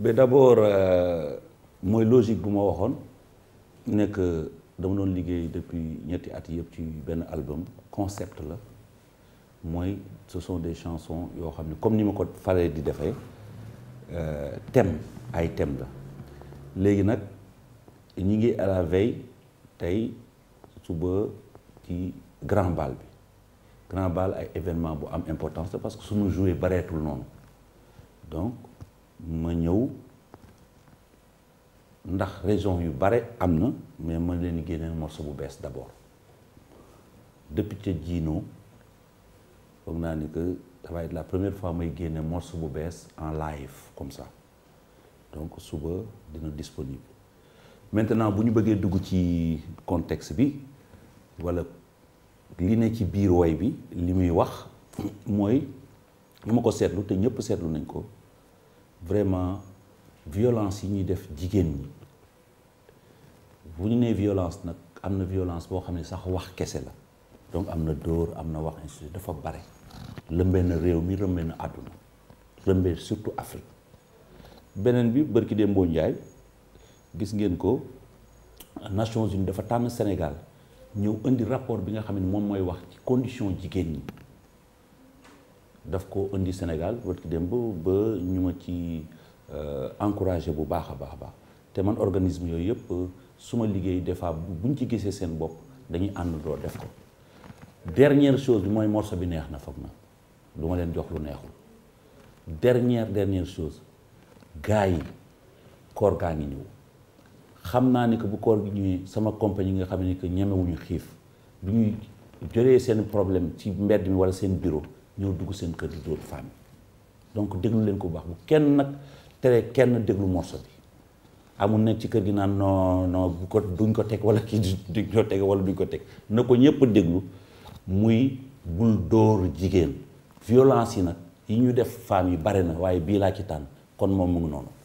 mais d'abord euh, mooy logique bu ma waxoon nekk dama doon liggéey depuis ñetti at yëpp ci benn album concept la mooy ce sont des chansons yoo xam ne comme ni ma ko falee di defee euh, thème ay thème la léegi nag ñi ngi à la veille tey suba ci grand bal bi grand bal ay événement bu am importance parce que suñu joué bareetul noonu donc ndax raison yu bare am na mais ma leen génneel morceau bu bees d'abord député Djino foog naa ni que ça va la première fois may génne morceau bu bees en live comme sax donc suba dina disponible maintenant bu ñu bëggee dugg ci contexte bi walla li ne ci biir woy bi li muy wax mooy ñu ma ko seetlu te ñëpp seetlu nañ ko vraiment violence yi ñuy def jigéen ñi bu ñu nee violence nag am na violence boo xam ne sax wax kese la donc am na dóor am na wax ainsi dafa bare lëmbee na réew mi lëmbee na àdduna lëmbee surtout Afrique beneen bi bërki Dembo Ndiaye gis ngeen ko Nations Unies dafa tànn Sénégal ñëw indi rapport bi nga xam ne moom mooy wax ci condition jigéen ñi daf ko indi Sénégal bërki Dembo ba ñu ma ci euh, encourager bu baax a baax a baax. te man organisme yooyu yëpp suma liggéey des bu ñu ci gisee seen bopp dañuy ànd doo def ko dernière chose bi mooy morceau bi neex na foog na du ma leen jox lu neexul dernière dernière chose gars yi koor gaa ngi ñëw xam naa ni que bu koor gi ñuy sama compagnie nga xam ne que ñemewuñu xiif du ñuy jëlee seen problème ci mbedd mi walla seen bureau ñëw dugg seen kër di dóor femme donc déglu leen ko bu baax bu kenn nag tere kenn déglu morceau bi amul nag ci kër gi naan non non bu ko duñ ko teg wala kii duñ ko teg wala duñ ko teg na ko ñëpp déglu muy bul dóoru jigéen violence yi nag yi ñu def femmes yi bare na waaye bii laa ci tànn kon moom mu ngi noonu